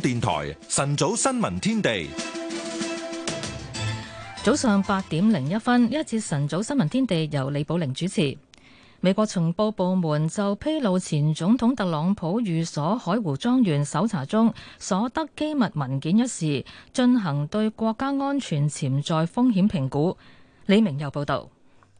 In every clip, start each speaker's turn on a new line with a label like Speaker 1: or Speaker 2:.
Speaker 1: 電台晨早新
Speaker 2: 聞天地，
Speaker 3: 早上八點零一分，一節晨早新聞天地由李寶玲主持。美國情報部門就披露前總統特朗普寓所海湖莊園搜查中所得機密文件一事，進行對國家安全潛在風險評估。李明又報道。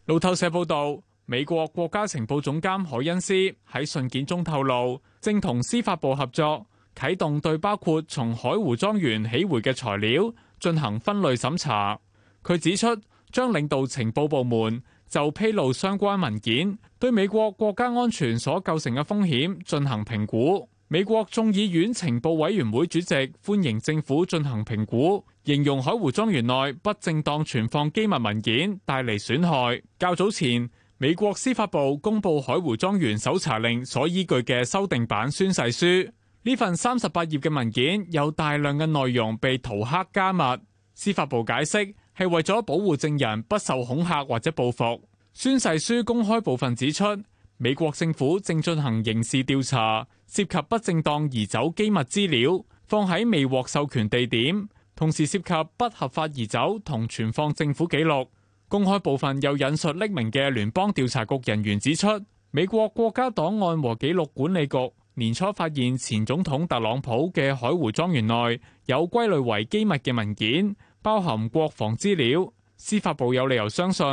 Speaker 4: 路透社報道，美國國家情報總監海恩斯喺信件中透露，正同司法部合作。啟動對包括從海湖莊園起回嘅材料進行分類審查。佢指出，將領導情報部門就披露相關文件對美國國家安全所構成嘅風險進行評估。美國眾議院情報委員會主席歡迎政府進行評估，形容海湖莊園內不正當存放機密文件帶嚟損害。較早前，美國司法部公布海湖莊園搜查令所依據嘅修訂版宣誓書。呢份三十八頁嘅文件有大量嘅內容被塗黑加密，司法部解釋係為咗保護證人不受恐嚇或者報復。宣誓書公開部分指出，美國政府正進行刑事調查，涉及不正當移走機密資料放喺未獲授權地點，同時涉及不合法移走同存放政府記錄。公開部分又引述匿名嘅聯邦調查局人員指出，美國國家檔案和紀錄管理局。年初發現前總統特朗普嘅海湖莊園內有歸類為機密嘅文件，包含國防資料。司法部有理由相信，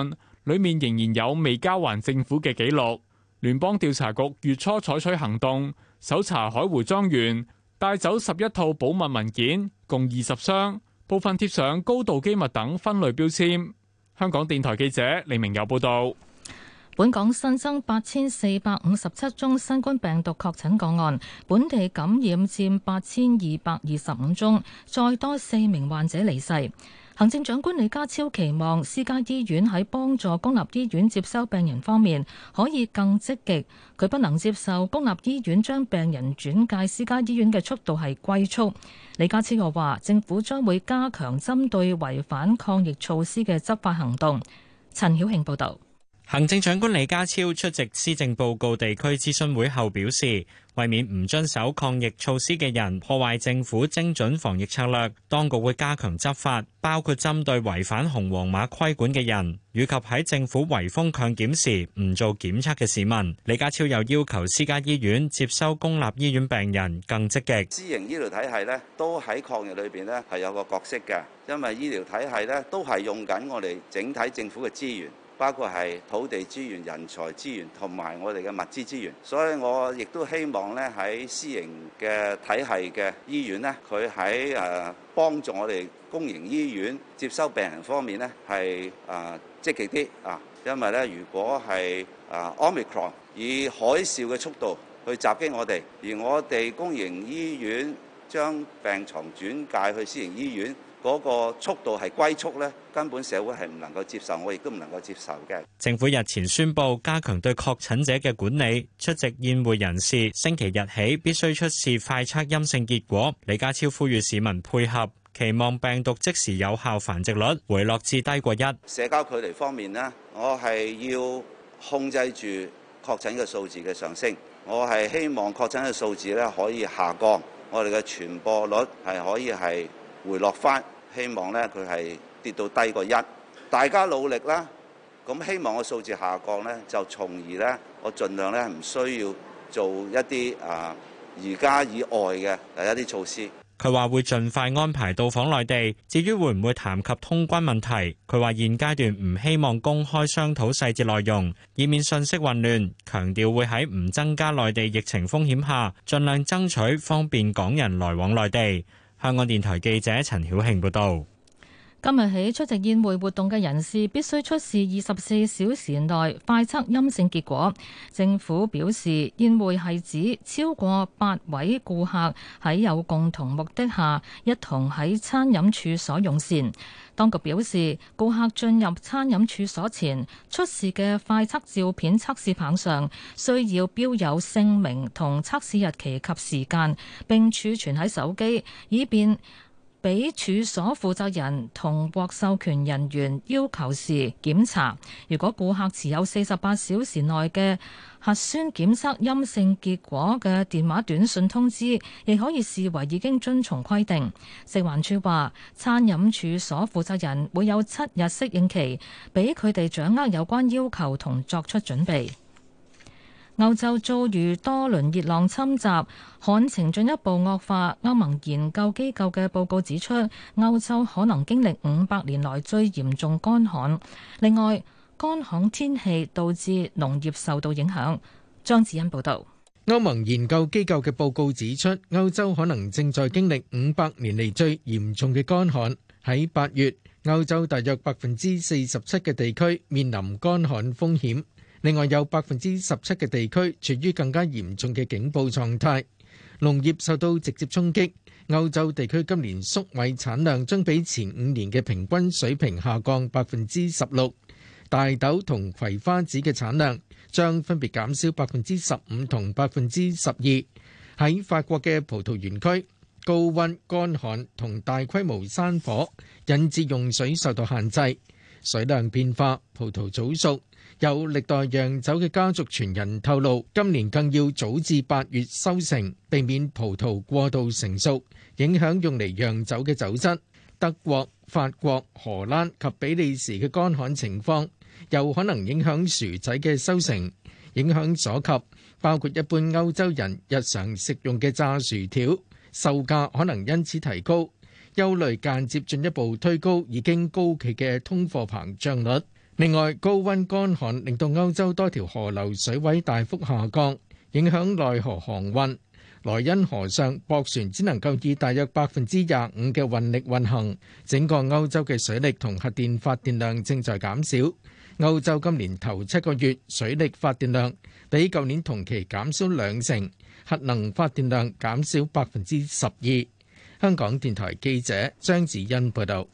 Speaker 4: 裡面仍然有未交還政府嘅記錄。聯邦調查局月初採取行動，搜查海湖莊園，帶走十一套保密文件，共二十箱，部分貼上高度機密等分類標籤。香港電台記者李明有報導。
Speaker 3: 本港新增八千四百五十七宗新冠病毒確診個案，本地感染佔八千二百二十五宗，再多四名患者離世。行政長官李家超期望私家醫院喺幫助公立醫院接收病人方面可以更積極，佢不能接受公立醫院將病人轉介私家醫院嘅速度係龜速。李家超又話，政府將會加強針對違反抗疫措施嘅執法行動。陳曉慶報道。
Speaker 1: 行政長官李家超出席施政報告地區諮詢會後表示，為免唔遵守抗疫措施嘅人破壞政府精準防疫策略，當局會加強執法，包括針對違反紅黃碼規管嘅人，以及喺政府圍封強檢時唔做檢測嘅市民。李家超又要求私家醫院接收公立醫院病人更積極。私
Speaker 2: 營醫療體系呢都喺抗疫裏邊呢係有個角色嘅，因為醫療體系呢都係用緊我哋整體政府嘅資源。包括係土地資源、人才資源同埋我哋嘅物資資源，所以我亦都希望咧喺私營嘅體系嘅醫院咧，佢喺誒幫助我哋公營醫院接收病人方面咧係誒積極啲啊！因為咧，如果係、啊、Omicron 以海嘯嘅速度去襲擊我哋，而我哋公營醫院將病床轉介去私營醫院。嗰個速度係龜速咧，根本社會係唔能夠接受，我亦都唔能夠接受嘅。
Speaker 1: 政府日前宣布加強對確診者嘅管理，出席宴會人士星期日起必須出示快測陰性結果。李家超呼籲市民配合，期望病毒即時有效繁殖率回落至低過一。
Speaker 2: 社交距離方面咧，我係要控制住確診嘅數字嘅上升，我係希望確診嘅數字咧可以下降，我哋嘅傳播率係可以係回落翻。希望咧佢係跌到低過一，大家努力啦。咁希望個數字下降咧，就從而咧，我盡量咧唔需要做一啲啊而家以外嘅一啲措施。
Speaker 1: 佢話會盡快安排到訪內地，至於會唔會談及通關問題，佢話現階段唔希望公開商討細，細節內容，以免信息混亂，強調會，喺唔增加內地疫情風險下，盡量爭取方便港人來往內地。香港電台記者陳曉慶報道。
Speaker 3: 今日起出席宴會活動嘅人士必須出示二十四小時內快測陰性結果。政府表示，宴會係指超過八位顧客喺有共同目的下一同喺餐飲處所用膳。當局表示，顧客進入餐飲處所前出示嘅快測照片測試棒上需要標有姓名同測試日期及時間，並儲存喺手機以便，俾處所負責人同獲授權人員要求時檢查，如果顧客持有四十八小時內嘅核酸檢測陰性結果嘅電話短信通知，亦可以視為已經遵從規定。食環署話，餐飲處所負責人會有七日適應期，俾佢哋掌握有關要求同作出準備。歐洲遭遇多輪熱浪侵襲，旱情進一步惡化。歐盟研究機構嘅報告指出，歐洲可能經歷五百年來最嚴重乾旱。另外，乾旱天氣導致農業受到影響。張子欣報道。歐盟
Speaker 5: 研究機構嘅報告指出，歐洲可能正在經歷五百年嚟最嚴重嘅乾旱。喺八月，歐洲大約百分之四十七嘅地區面臨乾旱風險。另外有百分之十七嘅地區處於更加嚴重嘅警報狀態，農業受到直接衝擊。歐洲地區今年粟米產量將比前五年嘅平均水平下降百分之十六，大豆同葵花籽嘅產量將分別減少百分之十五同百分之十二。喺法國嘅葡萄園區，高温、乾旱同大規模山火引致用水受到限制，水量變化，葡萄早熟。有歷代釀酒嘅家族傳人透露，今年更要早至八月收成，避免葡萄過度成熟，影響用嚟釀酒嘅酒質。德國、法國、荷蘭及比利時嘅乾旱情況，有可能影響薯仔嘅收成，影響所及包括一般歐洲人日常食用嘅炸薯條，售價可能因此提高，憂慮間接進一步推高已經高企嘅通貨膨脹率。另外，高溫乾旱令到歐洲多條河流水位大幅下降，影響內河航運。萊茵河上駁船只能夠以大約百分之廿五嘅運力運行。整個歐洲嘅水力同核電發電量正在減少。歐洲今年頭七個月水力發電量比舊年同期減少兩成，核能發電量減少百分之十二。香港電台記者張子欣報道。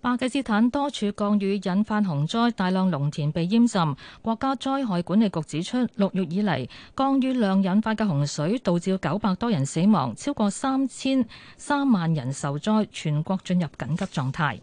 Speaker 3: 巴基斯坦多處降雨引發洪災，大量農田被淹浸。國家災害管理局指出，六月以嚟降雨量引發嘅洪水導致九百多人死亡，超過三千三萬人受災，全國進入緊急狀態。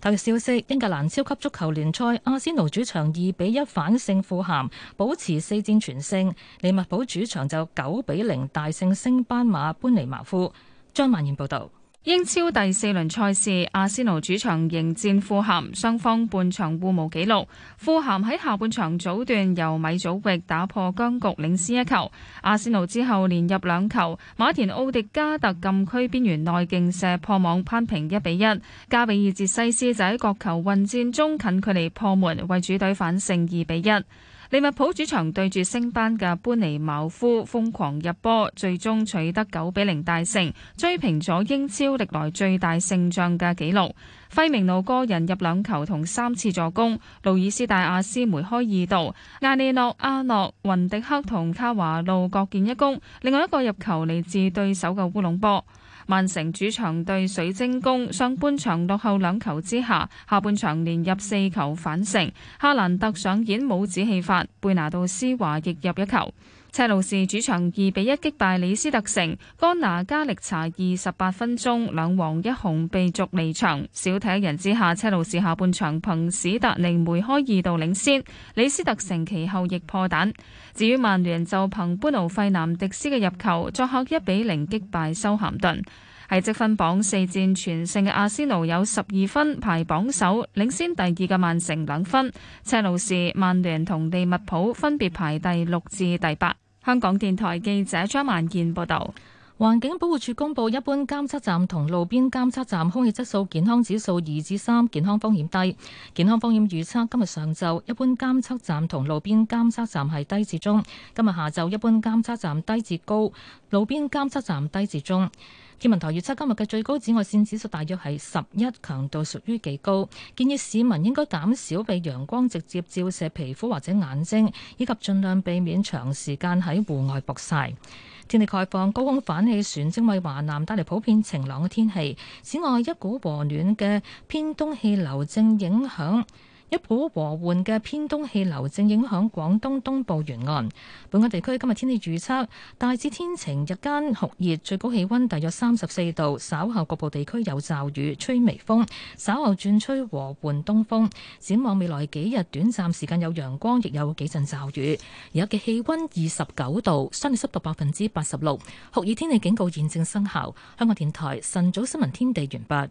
Speaker 3: 體育消息：英格蘭超級足球聯賽，阿仙奴主場二比一反勝富咸，保持四戰全勝。利物浦主場就九
Speaker 6: 比零大勝升班馬般尼茅夫。張曼燕報道。英超第四輪賽事，阿仙奴主場迎戰富咸，雙方半場互無紀錄。富咸喺下半場早段由米祖域打破僵局，領先一球。阿仙奴之後連入兩球，馬田奧迪加特禁區邊緣內勁射破網，扳平一比一。加比爾捷西斯喺角球混戰中近距離破門，為主隊反勝二比一。利物浦主場對住升班嘅班尼茅夫瘋狂入波，最終取得九比零大勝，追平咗英超歷來最大勝仗嘅紀錄。輝明路個人入兩球同三次助攻，路爾斯戴亞斯梅開二度，艾列諾阿諾、諾、雲迪克同卡華路各建一功，另外一個入球嚟自對手嘅烏龍波。曼城主場對水晶宮，上半場落後兩球之下，下半場連入四球反勝。哈蘭特上演帽子戲法，貝拿杜斯華亦入一球。車路士主場二比一擊敗李斯特城，干拿加力查二十八分鐘兩黃一紅被逐離場。少一人之下，車路士下半場憑史達寧梅開二度領先，李斯特城其後亦破蛋。至於曼聯就憑般奴費南迪斯嘅入球，作客一比零擊敗修咸頓。喺積分榜四戰全勝嘅阿仙奴有十二分排榜首，領先第二嘅曼城兩分。車路士、曼聯同利物浦分別排第六至第八。香港電台記者張萬健報道。環境保護署公布，一般監測站同路邊監測站空
Speaker 3: 氣質素健康指數二至三，健康風險低。健康風險預測今日上晝一般監測站同路邊監測站係低至中，今日下晝一般監測站低至高，路邊監測站低至中。天文台預測今日嘅最高紫外線指數大約係十一，強度屬於幾高，建議市民應該減少被陽光直接照射皮膚或者眼睛，以及盡量避免長時間喺戶外曝曬。天氣概況，高空反氣旋正為華南帶嚟普遍晴朗嘅天氣。此外，一股和暖嘅偏東氣流正影響。一股和緩嘅偏東氣流正影響廣東東部沿岸，本港地區今日天氣預測大致天晴，日間酷熱，最高氣溫大約三十四度。稍後局部地區有驟雨，吹微風。稍後轉吹和緩東風。展望未來幾日，短暫時間有陽光，亦有幾陣驟雨。而家嘅氣溫二十九度，相對濕度百分之八十六，酷熱天氣警告現正生效。香港電台晨早新聞天地完畢。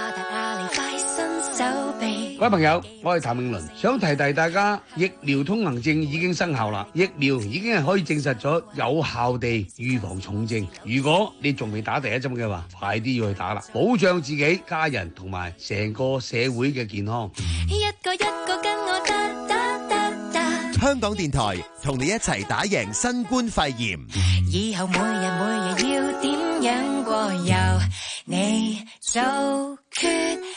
Speaker 7: 各位朋友，我係譚詠麟，想提提大家，疫苗通行證已經生效啦，疫苗已經係可以證實咗有效地預防重症。如果你仲未打第一針嘅話，快啲要去打啦，保障自己、家人同埋成個社會嘅健康。
Speaker 8: 一個一個跟我得得
Speaker 7: 得得，香港電台同你一齊打贏新冠肺炎。以後每日每日
Speaker 6: 要點樣過由你做決。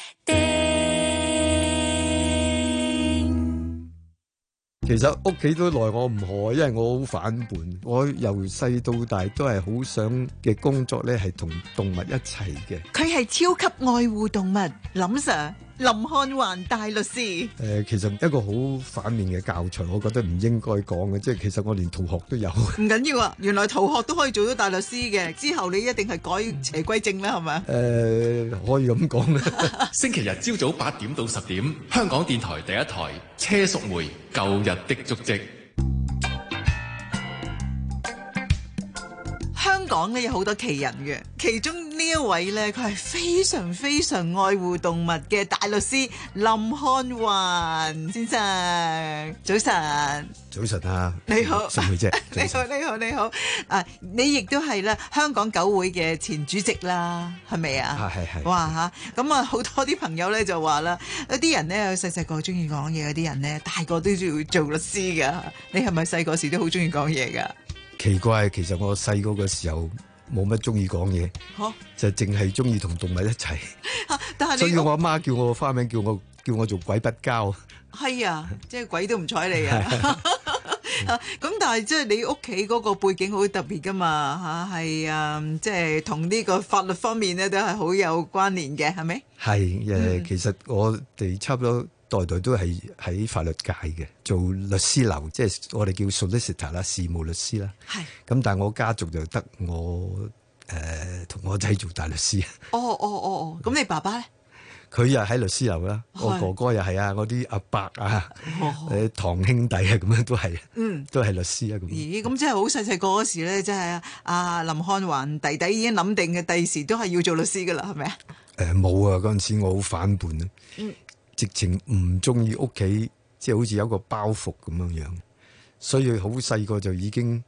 Speaker 7: 其實屋企都奈我唔何，因為我好反叛，我由細到大都係好想嘅工作咧，係同動物一齊嘅。
Speaker 8: 佢係超級愛護動物，林 Sir。林漢環大律師，
Speaker 7: 誒，其實一個好反面嘅教材，我覺得唔應該講嘅，即係其實我連逃學都有，唔
Speaker 8: 緊要啊，原來逃學都可以做到大律師嘅，之後你一定係改邪歸正啦，係咪啊？
Speaker 7: 誒，可以咁講嘅。
Speaker 4: 星期日朝早八點到十點，香港電台第一台車淑梅《舊日的
Speaker 7: 足跡》。
Speaker 8: 香港呢有好多奇人嘅，其中。呢一位咧，佢係非常非常愛護動物嘅大律師林漢雲先生。早晨，
Speaker 7: 早晨啊，你好，新妹姐， 你好，
Speaker 8: 你好，你好。啊，你亦都係啦，香港狗會嘅前主席啦，係咪啊？係係係。哇吓，咁的啊，好多啲朋友咧，就有呢有話啦，啲人咧，佢細細個中意講嘢嗰啲人咧，大個都中意做律師噶。你係咪細個時都好中意講嘢噶？
Speaker 7: 奇怪，其實我細個嘅時候。冇乜中意講嘢，就淨係中意同動物一齊。
Speaker 8: 所以我
Speaker 7: 阿媽叫我個花名，叫我叫我做鬼不交。
Speaker 8: 係啊，即係鬼都唔睬你啊！咁但係即係你屋企嗰個背景好特別噶嘛吓，係啊，即係同呢個法律方面咧都係好有關聯嘅，係咪？
Speaker 7: 係誒，其實我哋差唔多。代代都係喺法律界嘅，做律師樓，即係我哋叫 solicitor 啦，事務律師啦。係。咁但係我家族就得我誒同我仔做大律師。哦
Speaker 8: 哦哦哦，咁你爸爸咧？
Speaker 7: 佢又喺律師樓啦，我哥哥又係啊，我啲阿伯啊，誒，堂兄弟啊，咁樣都係。嗯，都係律師啊。咁。咦，
Speaker 8: 咁真係好細細個嗰時咧，真係啊！阿林漢環弟弟已經諗定嘅，第時都係要做律師噶啦，係咪啊？
Speaker 7: 誒，冇啊，嗰陣時我好反叛啊。直情唔中意屋企，即係好似有個包袱咁樣樣，所以好細個就已經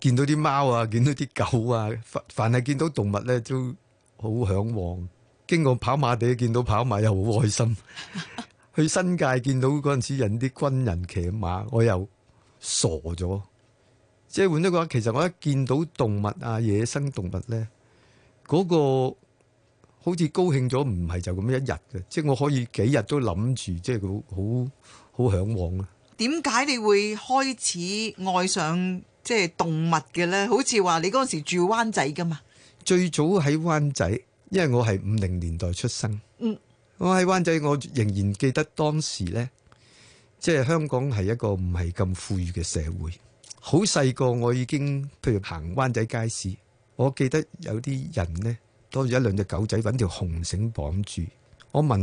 Speaker 7: 見到啲貓啊，見到啲狗啊，凡係見到動物咧都好向往。經過跑馬地見到跑馬又好開心， 去新界見到嗰陣時引啲軍人騎馬，我又傻咗。即係換咗個，其實我一見到動物啊，野生動物咧，嗰、嗰個。好似高興咗，唔係就咁一日嘅，即係我可以幾日都諗住，即係好好好向往咯
Speaker 8: 點解你會開始愛上即係動物嘅咧？好似話你嗰時住灣仔噶嘛？
Speaker 7: 最早喺灣仔，因為我係五零年代出生。嗯，我喺灣仔，我仍然記得當時咧，即係香港係一個唔係咁富裕嘅社會。好細個我已經，譬如行灣仔街市，我
Speaker 6: 記得有啲人咧。多住一兩隻狗仔，揾條紅繩綁住。我問。